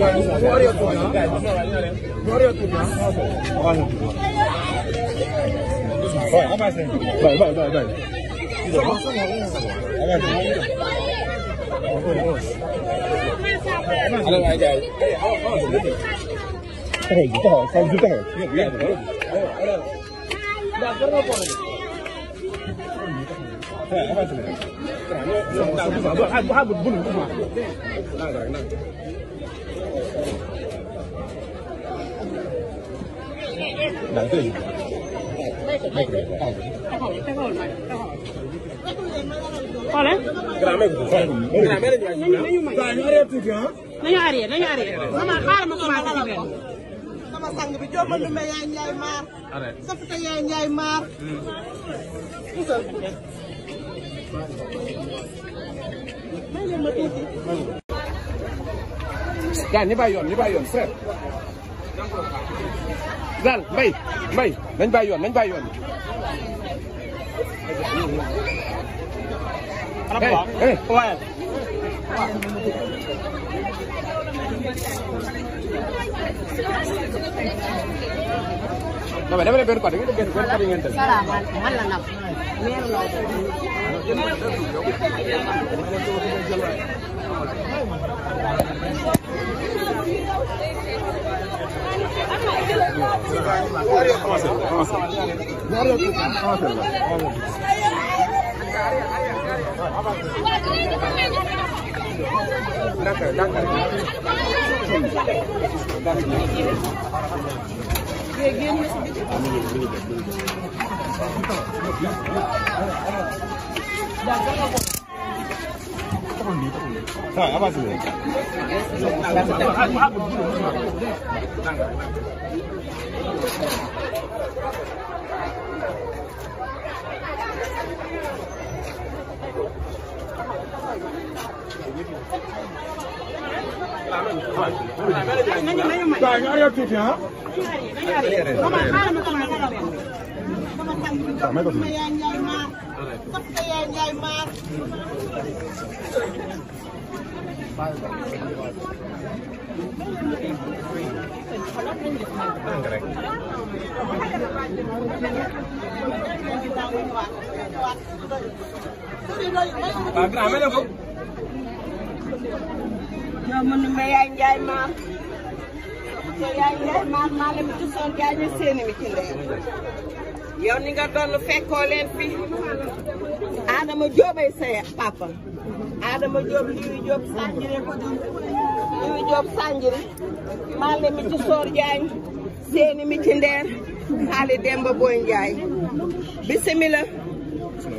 不好，三十倍。哪队？xoolal. nañu arrêté tuuti ah. nañu arrêté nañu arrêté. maman xaaral ma commencé ci benn. sama sang bi Diop Ndoumbe yaay Ndiaye Maar. Safita yaay Ndiaye Maar. Dah ni bayon, ni bayon, Fred. Zal, bay, bay, nañ bay yon, nañ bay yon. Hey, hey, well. Thank you. వెనవెన పేర్కొనండి పేర్కొనండి అంటే సరే మళ్ళీ నా నేను doctor doctor doctor 자, 야바스네. 자, 야야 투자. Bà cái nào mới đâu không? Giờ mình về anh dây mà yaay maam maa la mi tusoon gaañu seeni mi yow ni nga doon fekkoo leen fi Adama Jóobay sa papa Adama Jóob liyu Jóob Sanjiri liyu Jóob Sanjiri maa la mi tusoor seeni mi ci Demba Boy Njaay bisimila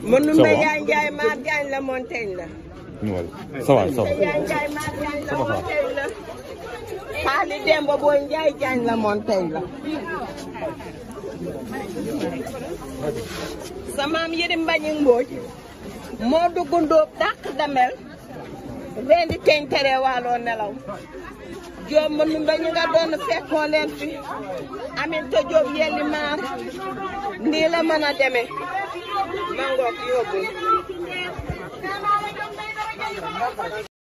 mënuma yaay njaay maar jaañ la Montagne la li Demba Boy Ndiaye Diagne la moon tey la sa maam Yërim Mbañik Mbooj moo dugg ndóob dàq damel rendi teñ tere waaloo nelaw Jóob ma nun dañu nga doon fekkoo leen fi Aminta Jóob yelli maar nii la mën a deme ma ngoog yóbbul